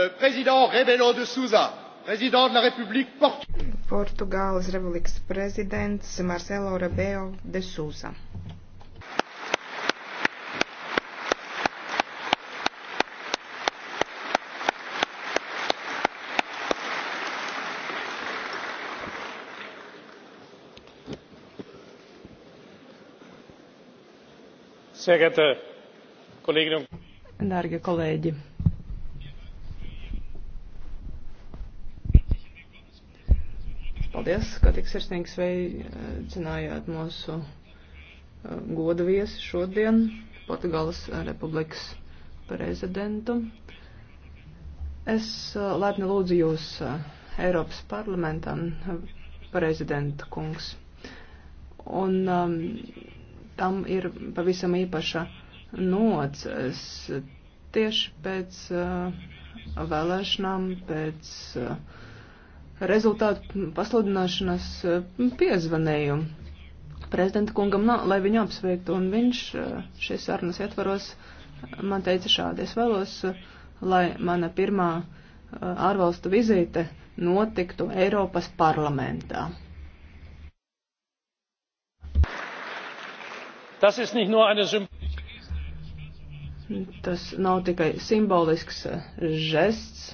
le euh, président Rebelo de Souza, président de la République portugaise. Portugāles Republikas prezidents Marcelo Rebelo de Souza. Sehr geehrte Kolleginnen und Kollegen, Paldies, ka tik sirsnīgi sveicinājāt mūsu uh, goda viesi šodien, Portugāles Republikas prezidentu. Es uh, laipni lūdzu jūs uh, Eiropas parlamentam, prezidenta kungs. Un um, tam ir pavisam īpaša nocis tieši pēc uh, vēlēšanām, pēc. Uh, rezultātu pasludināšanas eh, piezvanēju prezidenta kungam, no, nu, lai viņu apsveiktu, un viņš eh, šīs sarunas ietvaros eh, man teica šādi. Es vēlos, lai mana pirmā ārvalstu vizīte notiktu Eiropas parlamentā. Tas ir nicht nur eine Tas nav tikai simbolisks žests,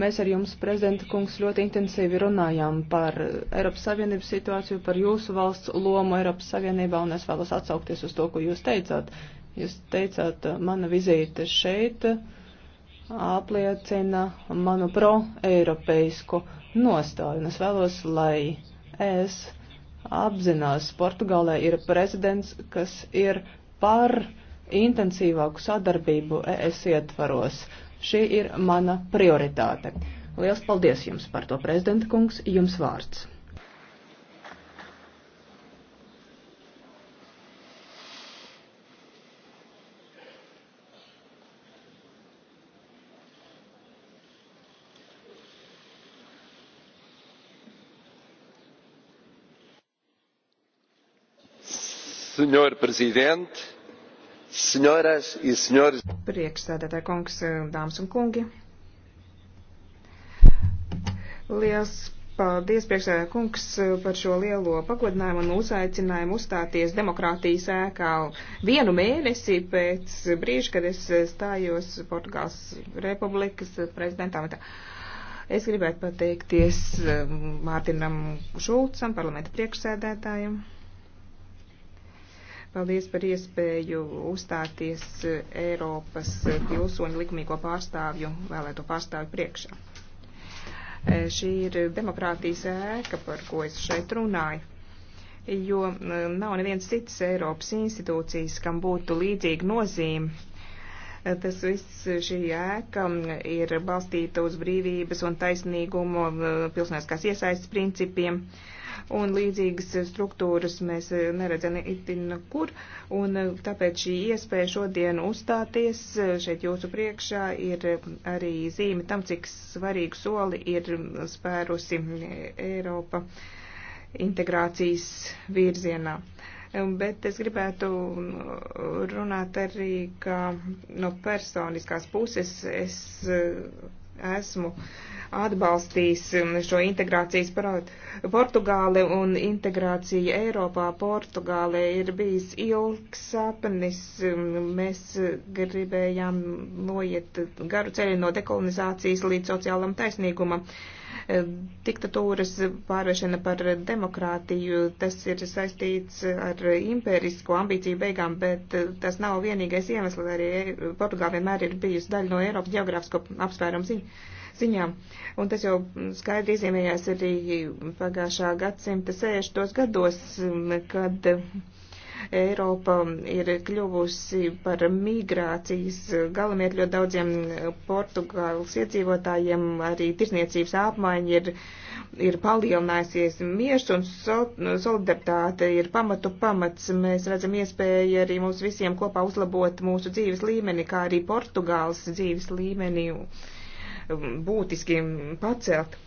Mēs ar jums, prezidenta kungs, ļoti intensīvi runājām par Eiropas Savienības situāciju, par jūsu valsts lomu Eiropas Savienībā, un es vēlos atsaukties uz to, ko jūs teicāt. Jūs teicāt, mana vizīte šeit apliecina manu pro-eiropeisku nostāju, un es vēlos, lai es apzinās, Portugālē ir prezidents, kas ir par intensīvāku sadarbību ES ietvaros. Šī ir mana prioritāte. Liels paldies jums par to, prezidenta kungs, jums vārds. senhor presidente Senhoras e senhores. Priekšsēdētāji kungs, dāmas un kungi. Liels paldies, priekšsēdētāji kungs, par šo lielo pagodinājumu un uzaicinājumu uzstāties demokrātijas ēkā vienu mēnesi pēc brīža, kad es stājos Portugāls Republikas prezidentam. Es gribētu pateikties um, Mārtinam Šulcam, parlamenta priekšsēdētājiem. Paldies par iespēju uzstāties eh, Eiropas eh, pilsoņu likumīgo pārstāvju vēlēto pārstāvju priekšā. Eh, šī ir demokrātijas ēka, par ko es šeit runāju, jo mm, nav neviens cits Eiropas institūcijas, kam būtu līdzīga nozīme. Tas viss šī ēka mm, ir balstīta uz brīvības un taisnīgumu pilsoniskās iesaistas principiem. Uh, un līdzīgas struktūras mēs eh, neredzam itin kur, un eh, tāpēc šī iespēja šodien uzstāties eh, šeit jūsu priekšā ir arī zīme tam, cik svarīgu soli ir mm, spērusi Eiropa integrācijas virzienā. Bet es gribētu mm, runāt arī, ka no personiskās puses es esmu atbalstījis um, šo integrācijas projektu. Portugāle un integrācija Eiropā Portugāle ir bijis ilgs sapnis. Um, mēs gribējām noiet garu ceļu no dekolonizācijas līdz sociālam taisnīgumam. Uh, diktatūras pārvēršana par demokrātiju, tas ir saistīts ar impērisko ambīciju beigām, bet tas nav vienīgais iemesls, arī Portugāla vienmēr ir bijusi daļa no Eiropas geogrāfisko apsvērumu ziņu ziņām. Un tas jau skaidri izjēmējās arī pagājušā gadsimta 60. gados, kad Eiropa ir kļuvusi par migrācijas galamiet ļoti daudziem Portugāles iedzīvotājiem, arī tirsniecības apmaiņa ir, ir palielinājusies. Miers un solidaritāte ir pamatu pamats. Mēs redzam iespēju arī mums visiem kopā uzlabot mūsu dzīves līmeni, kā arī Portugāles dzīves līmeni būtiski pacelt.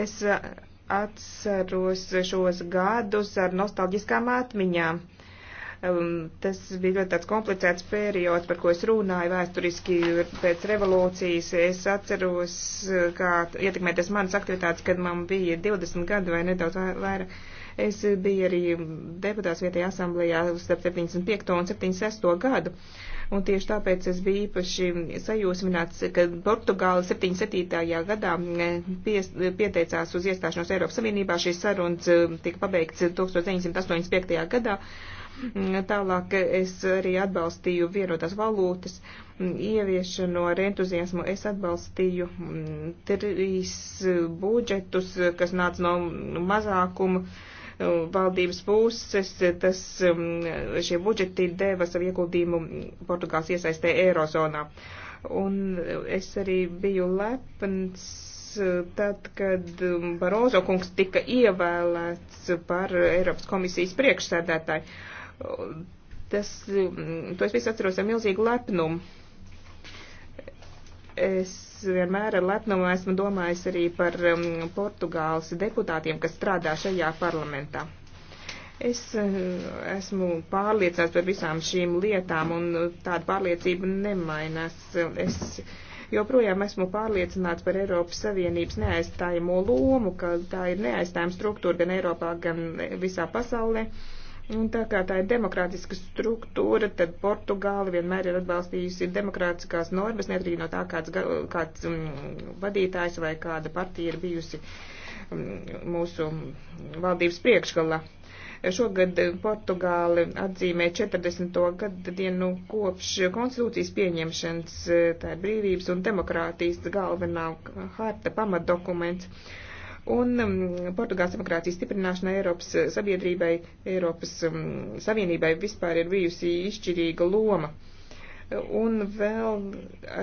Es atceros šos gadus ar nostalģiskām atmiņām. Um, tas bija ļoti tāds komplicēts periods, par ko es runāju vēsturiski pēc revolūcijas. Es atceros, kā ietekmēties manas aktivitātes, kad man bija 20 gadu vai nedaudz vairāk. Es biju arī deputāts vietējā asamblējā starp 75. un 76. gadu. Uh, un tieši tāpēc es biju īpaši sajūsmināts, ka Portugāla 77. gadā mm, pies, pieteicās uz iestāšanos Eiropas Savienībā. Šīs sarunas mm, tika pabeigts 1985. gadā. Mm, tālāk es arī atbalstīju vienotās valūtas ieviešanu ar entuziasmu. Es atbalstīju trīs budžetus, kas nāca no mazākuma valdības puses, tas, um, šie budžeti deva savu ieguldījumu Portugāls iesaistē Eirozonā. Un es arī biju lepns uh, tad, kad um, Barozo kungs tika ievēlēts par Eiropas komisijas priekšsēdētāju. Tas, um, to es visu atceros ar milzīgu lepnumu Es vienmēr ar lepnumu esmu domājis arī par um, Portugāles deputātiem, kas strādā šajā parlamentā. Es uh, esmu pārliecināts par visām šīm lietām, un tāda pārliecība nemainās. Es joprojām esmu pārliecināts par Eiropas Savienības neaizstājamo lomu, ka tā ir neaizstājama struktūra gan Eiropā, gan visā pasaulē. Uh, Un tā kā tā ir demokrātiska struktūra, tad Portugāla vienmēr ir atbalstījusi demokrātiskās normas, neatkarīgi no tā, kāds, kāds um, vadītājs vai kāda partija ir bijusi um, mūsu valdības priekšgalā. Šogad Portugāli atzīmē 40. gadu dienu kopš konstitūcijas pieņemšanas, tā ir brīvības un demokrātijas galvenā harta pamatdokuments un um, Portugāles demokrātijas stiprināšana Eiropas uh, sabiedrībai, Eiropas um, Savienībai vispār ir bijusi izšķirīga loma. Un vēl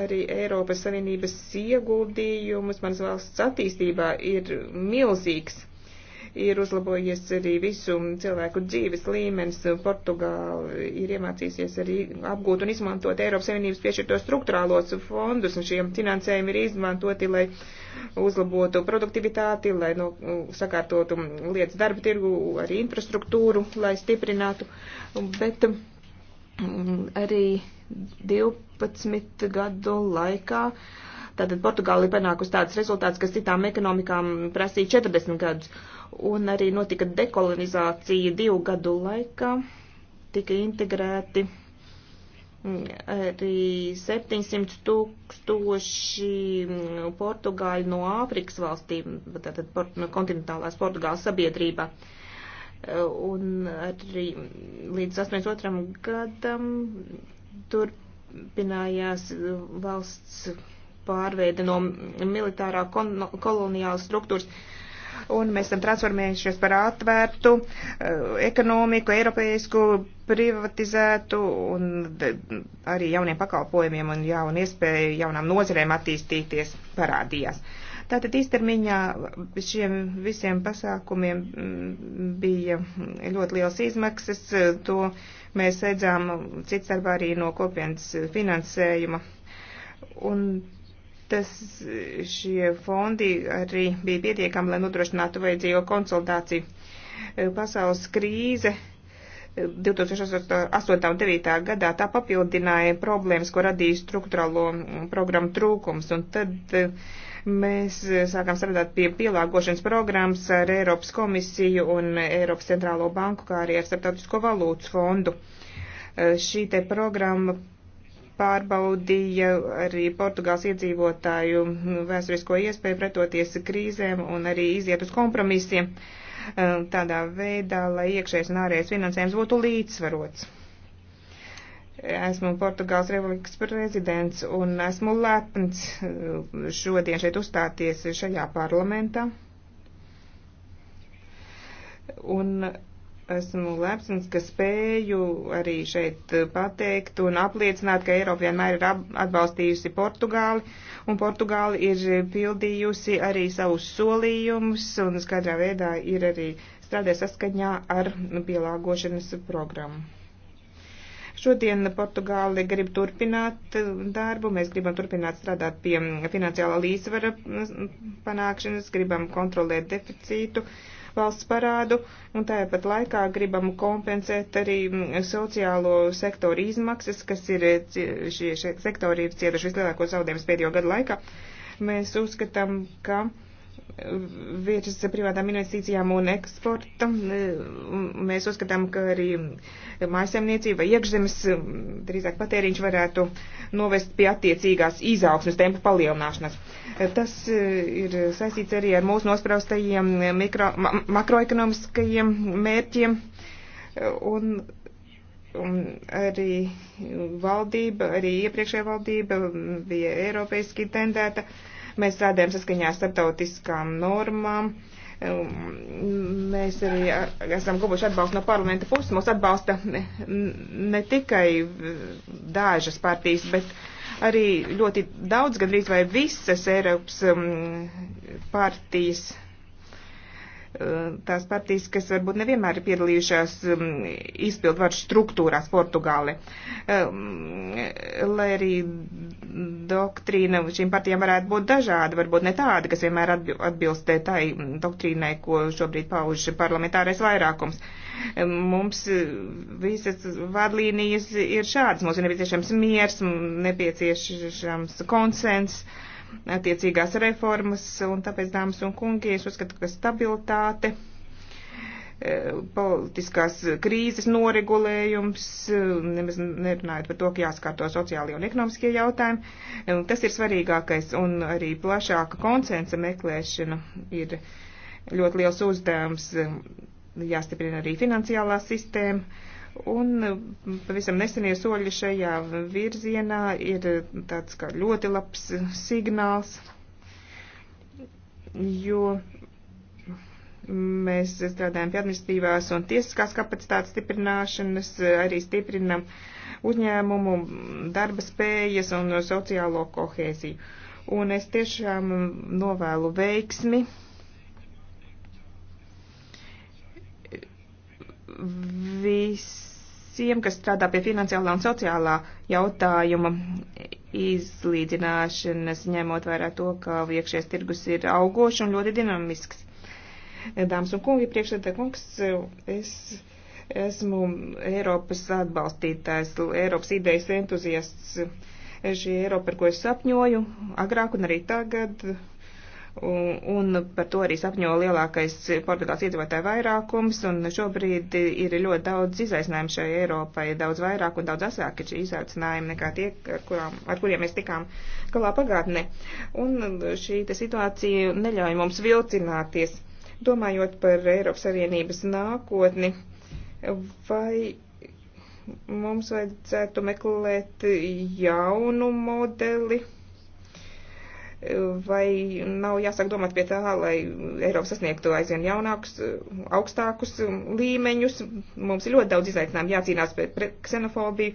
arī Eiropas Savienības ieguldījumus manas valsts attīstībā ir milzīgs ir uzlabojies arī visu cilvēku dzīves līmenis. Portugāla ir iemācīsies arī apgūt un izmantot Eiropas Savienības piešķirto struktūrālos fondus, un šiem finansējumi ir izmantoti, lai uzlabotu produktivitāti, lai no, sakārtotu lietas darba tirgu, arī infrastruktūru, lai stiprinātu. Bet mm, arī 12 gadu laikā uh, Tātad Portugāla ir panākusi tāds rezultāts, kas citām ekonomikām prasīja 40 gadus. Un arī notika dekolonizācija divu gadu laikā, tika integrēti mm, arī 700 tūkstoši mm, portugāļi no Āfrikas valstīm, tātad no kontinentālās Portugāles sabiedrība. Un arī līdz 82. gadam turpinājās valsts pārveida no militārā koloniālas struktūras. Un mēs esam transformējušies par atvērtu eh, ekonomiku, eiropeisku, privatizētu un arī jauniem pakalpojumiem un jaunu iespēju jaunām nozarēm attīstīties parādījās. Tātad īstermiņā šiem visiem pasākumiem mm, bija ļoti liels izmaksas. To mēs redzām cits darbā arī no kopienas finansējuma. Un tas, šie fondi arī bija pietiekami, lai nodrošinātu vajadzīgo konsultāciju. E, pasaules krīze 2008. E, un 2009. gadā tā papildināja problēmas, ko radīja struktūrālo programmu trūkums, un tad e, mēs sākām strādāt pie pielāgošanas programmas ar Eiropas komisiju un Eiropas centrālo banku, kā arī ar Startautisko valūtas fondu. Šī te programma pārbaudīja arī Portugāls iedzīvotāju vēsturisko iespēju pretoties krīzēm un arī iziet uz kompromisiem eh, tādā veidā, lai iekšējais un ārējais finansējums būtu līdzsvarots. Esmu Portugāls Republikas prezidents un esmu lepns eh, šodien šeit uzstāties šajā parlamentā. Un Esmu lepns, ka spēju arī šeit pateikt un apliecināt, ka Eiropa vienmēr ir atbalstījusi Portugāli, un Portugāli ir pildījusi arī savus solījumus, un skaidrā veidā ir arī strādē saskaņā ar pielāgošanas programmu. Šodien Portugāli grib turpināt darbu, mēs gribam turpināt strādāt pie finansiālā līdzsvara panākšanas, gribam kontrolēt deficītu valsts parādu, un tāpat laikā gribam kompensēt arī mm, sociālo sektoru izmaksas, kas ir, šie, šie sektori ir cietuši vislielākos zaudējumus pēdējo gadu laikā. Mēs uzskatām, ka virs privātām investīcijām un eksporta. Mēs uzskatām, ka arī mājasemniecība iekšzemes, drīzāk patēriņš varētu novest pie attiecīgās izaugsmes tempa palielināšanas. Tas ir saistīts arī ar mūsu nospraustajiem mikro, ma makroekonomiskajiem mērķiem. Un un arī valdība, arī iepriekšējā valdība bija eiropeiski tendēta. Uh, Mēs strādājam saskaņā starptautiskām normām. Um, mēs arī esam guvuši atbalstu no parlamenta puses. Mūs atbalsta ne, ne tikai dažas partijas, bet arī ļoti daudz, gandrīz vai visas Eiropas um, partijas tās partijas, kas varbūt nevienmēr ir piedalījušās um, izpildvaru struktūrās Portugāle. Um, lai arī doktrīna šīm partijām varētu būt dažāda, varbūt ne tāda, kas vienmēr atbilstē tai doktrīnai, ko šobrīd pauž parlamentārais vairākums. Um, mums visas vadlīnijas ir šādas. Mums ir nepieciešams miers, nepieciešams konsens. Uh, attiecīgās reformas, un tāpēc, dāmas un kungi, es uzskatu, ka stabilitāte, e, politiskās krīzes noregulējums, e, nemaz nerunājot par to, ka jāskārto sociālie un ekonomiskie jautājumi, e, tas ir svarīgākais, un arī plašāka konsensa meklēšana ir ļoti liels uzdevums, jāstiprina arī finansiālā sistēma Un eh, pavisam nesenie soļi šajā virzienā ir eh, tāds kā ļoti labs signāls, jo mēs strādājam pie administratīvās un tiesiskās kapacitātes stiprināšanas, eh, arī stiprinam uzņēmumu, darba spējas un sociālo kohēziju. Un es tiešām novēlu veiksmi viss visiem, kas strādā pie finansiālā un sociālā jautājuma izlīdzināšanas, ņemot vērā to, ka iekšējais tirgus ir augošs un ļoti dinamisks. Dāmas un kungi, priekšsēdētāj kungs, es esmu Eiropas atbalstītājs, Eiropas idejas entuziasts. Šī Eiropa, par ko es sapņoju agrāk un arī tagad, Un, un par to arī sapņo lielākais Portugāles iedzīvotāju vairākums, un šobrīd ir ļoti daudz izaicinājumu šai Eiropai, daudz vairāk un daudz asāk ir šī izaicinājuma nekā tie, ar, kurām, ar kuriem mēs tikām galā pagātnē. Un šī situācija neļauj mums vilcināties. Domājot par Eiropas Savienības nākotni, vai mums vajadzētu meklēt jaunu modeli? vai nav jāsāk domāt pie tā, lai Eiropa sasniegtu aizvien jaunākus, augstākus līmeņus. Mums ir ļoti daudz izaicinājumu jācīnās pret, pret ksenofobiju,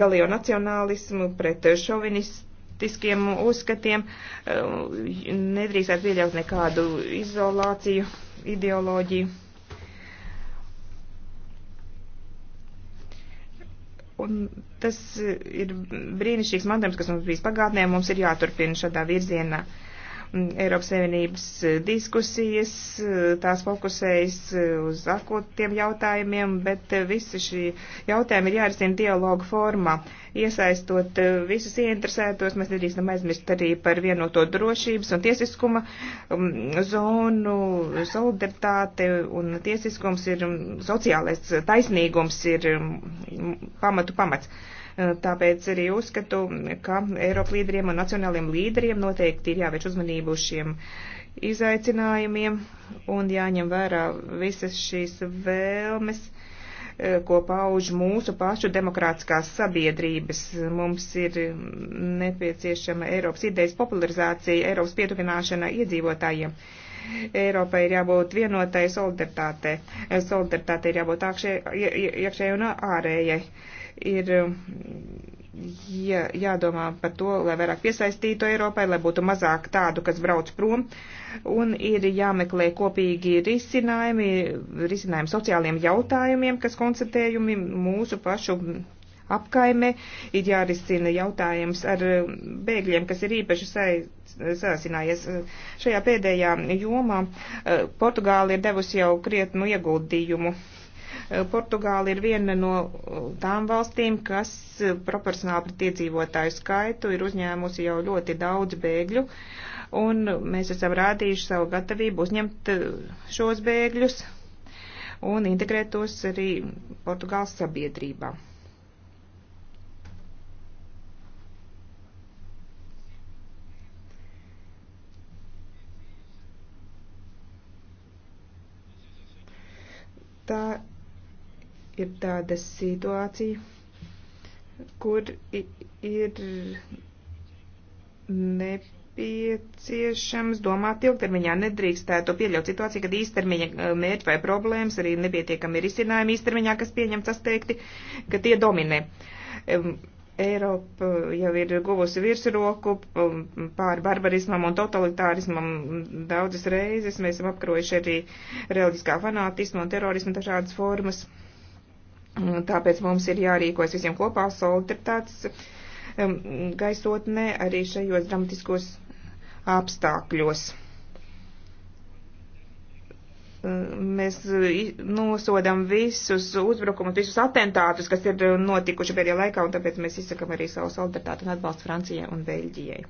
galējo nacionālismu, pret šovinistiskiem uzskatiem. Nedrīkstētu pieļaut nekādu izolāciju, ideoloģiju. Un tas ir brīnišķīgs mantojums, kas mums bijis pagātnē, mums ir jāturpina šādā virzienā. Mm, Eiropas Savienības eh, diskusijas, eh, tās fokusējas eh, uz akūtiem jautājumiem, bet visi šī jautājumi ir jārisina dialogu formā. Iesaistot visus ieinteresētos, mēs nedrīkstam aizmirst arī par vienoto drošības un tiesiskuma mm, zonu, solidaritāte un tiesiskums ir mm, sociālais taisnīgums ir pamatu pamats. Tāpēc arī uzskatu, ka Eiropa līderiem un nacionāliem līderiem noteikti ir jāvērš uzmanību uz šiem izaicinājumiem un jāņem vērā visas šīs vēlmes eh, ko pauž mūsu pašu demokrātiskās sabiedrības. Mums ir nepieciešama Eiropas idejas popularizācija, Eiropas pietuvināšana iedzīvotājiem. Eiropai ir jābūt vienotai solidaritātei. Solidaritātei ir jābūt iekšējai un ārējai ir um, jā, jādomā par to, lai vairāk piesaistītu Eiropai, lai būtu mazāk tādu, kas brauc prom, un ir jāmeklē kopīgi risinājumi, risinājumi sociāliem jautājumiem, kas koncentrējumi mūsu pašu apkaime, ir jārisina jautājums ar um, bēgļiem, kas ir īpaši sāsinājies uh, šajā pēdējā jomā. Uh, Portugāla ir devusi jau krietnu ieguldījumu Eh, Portugāla ir viena no eh, tām valstīm, kas eh, proporcionāli pret iedzīvotāju skaitu ir uzņēmusi jau ļoti daudz bēgļu, un mēs esam rādījuši savu gatavību uzņemt šos bēgļus un integrēt tos arī Portugāles sabiedrībā. Tā ir tāda situācija, kur ir nepieciešams domāt ilgtermiņā. Nedrīkstētu pieļaut situāciju, kad īstermiņa eh, mērķi vai problēmas arī nepietiekami ir izcinājumi īstermiņā, kas pieņemts asteikti, ka tie dominē. Eiropa jau ir guvusi virsroku um, pāri barbarismam un totalitārismam daudzas reizes. Mēs esam apkarojuši arī reliģiskā fanātismu un terorismu dažādas formas. Mm, tāpēc mums ir jārīkojas visiem kopā solidaritātes um, gaisotnē arī šajos dramatiskos apstākļos mm, mēs nosodam visus uzbrukumus, visus atentātus, kas ir notikuši pēdējā laikā, un tāpēc mēs izsakam arī savu solidaritāti un atbalstu Francijai un Beļģijai.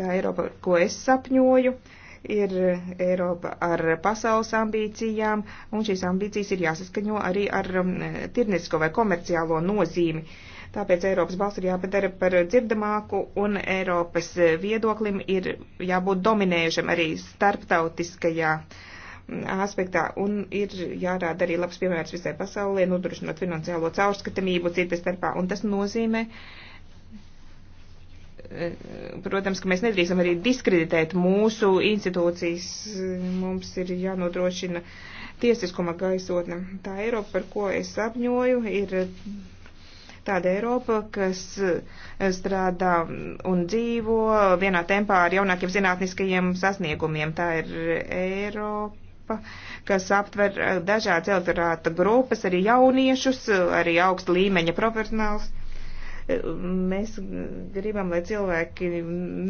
Tā Eiropa, ko es sapņoju, uh, ir Eiropa ar pasaules ambīcijām, un šīs ambīcijas ir jāsaskaņo arī ar um, tirnisko vai komerciālo nozīmi. Tāpēc Eiropas balss ir jāpadara par dzirdamāku, un Eiropas viedoklim ir jābūt dominējušam arī starptautiskajā mm, aspektā, un ir jārāda arī labs piemērs visai pasaulē, nodrošinot finansiālo caurskatamību citas starpā, un tas nozīmē, uh, protams, ka mēs nedrīkstam arī diskreditēt mūsu institūcijas. Mums ir jānodrošina tiesiskuma gaisotne. Tā Eiropa, par ko es apņoju, ir tāda Eiropa, kas strādā un dzīvo vienā tempā ar jaunākiem zinātniskajiem sasniegumiem. Tā ir Eiropa grupa, kas aptver dažādas elektorāta grupas, arī jauniešus, arī augsta līmeņa profesionāls. Mēs gribam, lai cilvēki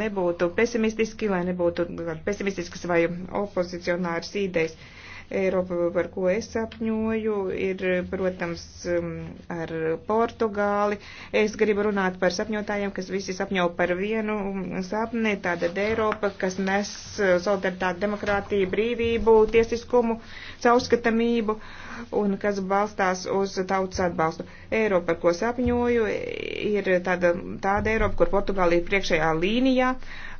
nebūtu pesimistiski, lai nebūtu pesimistiskas vai opozicionāras idejas. Eiropa, par ko es apņoju, ir, protams, um, ar Portugāli. Es gribu runāt par sapņotājiem, kas visi sapņo par vienu sapni, tāda Eiropa, kas nes solidaritāti, demokrātiju, brīvību, tiesiskumu, caurskatamību un kas balstās uz tautas atbalstu. Eiropa, par ko sapņoju, ir tāda, tāda Eiropa, kur Portugāla ir priekšējā līnijā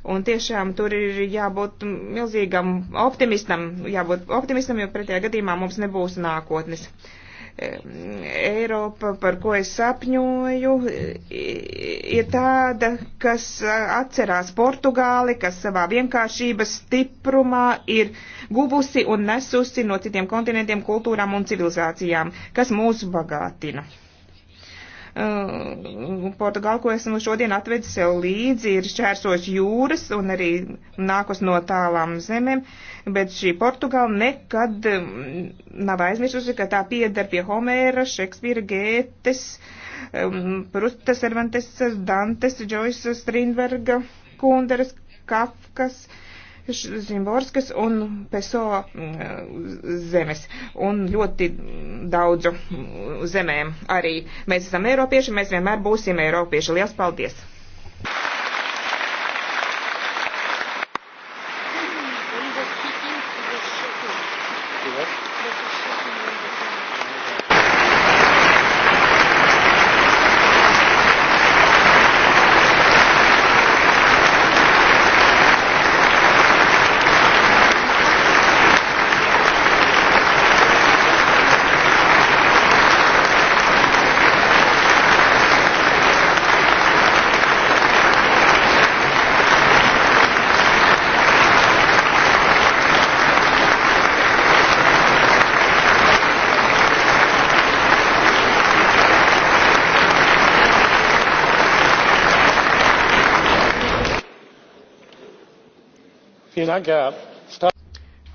Un tiešām tur ir jābūt milzīgam optimistam, jābūt optimistam, jo pretējā gadījumā mums nebūs nākotnes. Eiropa, par ko es sapņoju, ir tāda, kas atcerās Portugāli, kas savā vienkāršības stiprumā ir guvusi un nesusi no citiem kontinentiem, kultūrām un civilizācijām, kas mūs bagātina. Un uh, Portugāla, ko esmu šodien atvedis sev līdzi, ir šķērsoši jūras un arī nākus no tālām zemēm, bet šī Portugāla nekad um, nav aizmirsusi, ka tā pieder pie Homēra, Šekspīra, Gētes, um, Prusta, Cervantes, Dantes, Džoisa, Strindberga, Kunderas, Kafkas. Uh, Zimborskas un Peso mm, zemes un ļoti daudzu zemēm arī. Mēs esam eiropieši, mēs vienmēr būsim eiropieši. Lielas paldies!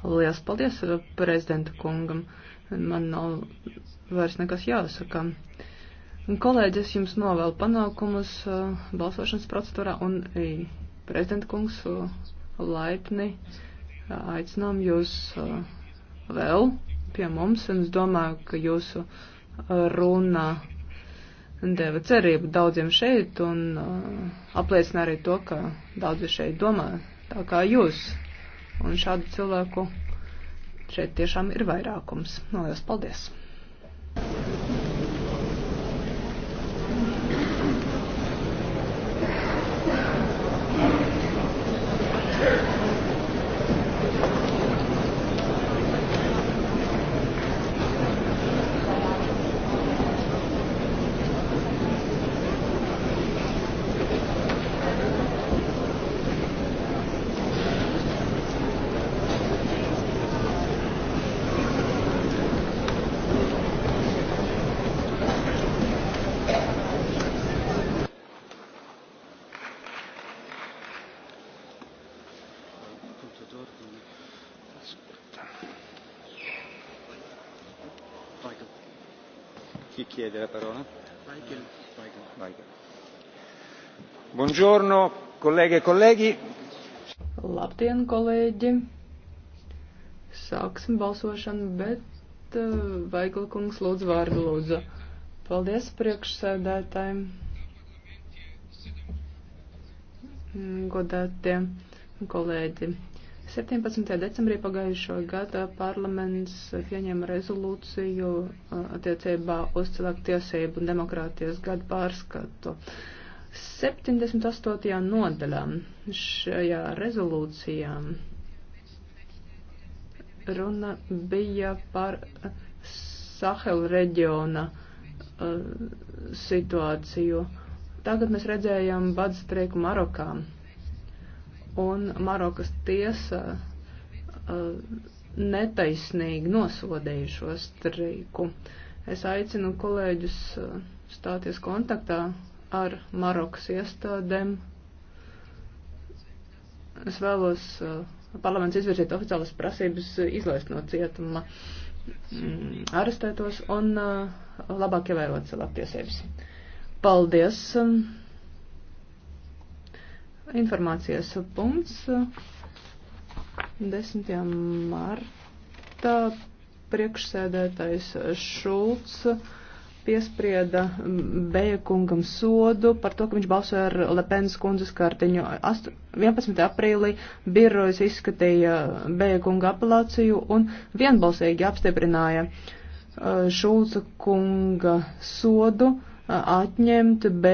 Lielas paldies eh, prezidenta kungam. Man nav vairs nekas jāsaka. Kolēģis jums novēl panākumus eh, balsošanas procedūrā un prezidenta kungs eh, laipni aicinām jūs vēl pie mums, un es domāju, ka jūsu runa deva cerību daudziem šeit, un uh, apliecina arī to, ka daudzi šeit domā tā kā jūs. Un šādu cilvēku šeit tiešām ir vairākums. Lielas paldies! chiede la parola? Michael. Michael. Buongiorno, colleghe e colleghi. Labdien, kolēģi! Sāksim balsošanu, bet uh, Vaigla kungs lūdzu vārdu lūdzu. Paldies priekšsēdētājiem, mm, godētie kolēģi. 17. decembrī pagājušo gada parlaments pieņēma rezolūciju attiecībā uz cilvēku tiesību un demokrātijas gadu pārskatu. 78. nodaļā šajā rezolūcijā runa bija par Sahel reģiona situāciju. Tagad mēs redzējām badstreiku Marokā un Marokas tiesa eh, netaisnīgi nosodīja šo streiku. Es aicinu kolēģus eh, stāties kontaktā ar Marokas iestādēm. Es vēlos eh, parlaments izvirzīt oficiālas prasības izlaist no cietuma mm, arestētos un labāk ievērot cilvēktiesības. Paldies! Mm, informācijas punkts 10. martā priekšsēdētājs Šulcs piesprieda Beja kungam sodu par to, ka viņš balsoja ar Lepenas kundzes kartiņu. 11. aprīlī birojas izskatīja Beja kunga apelāciju un vienbalsīgi apstiprināja uh, Šulca kunga sodu uh, atņemt Beja.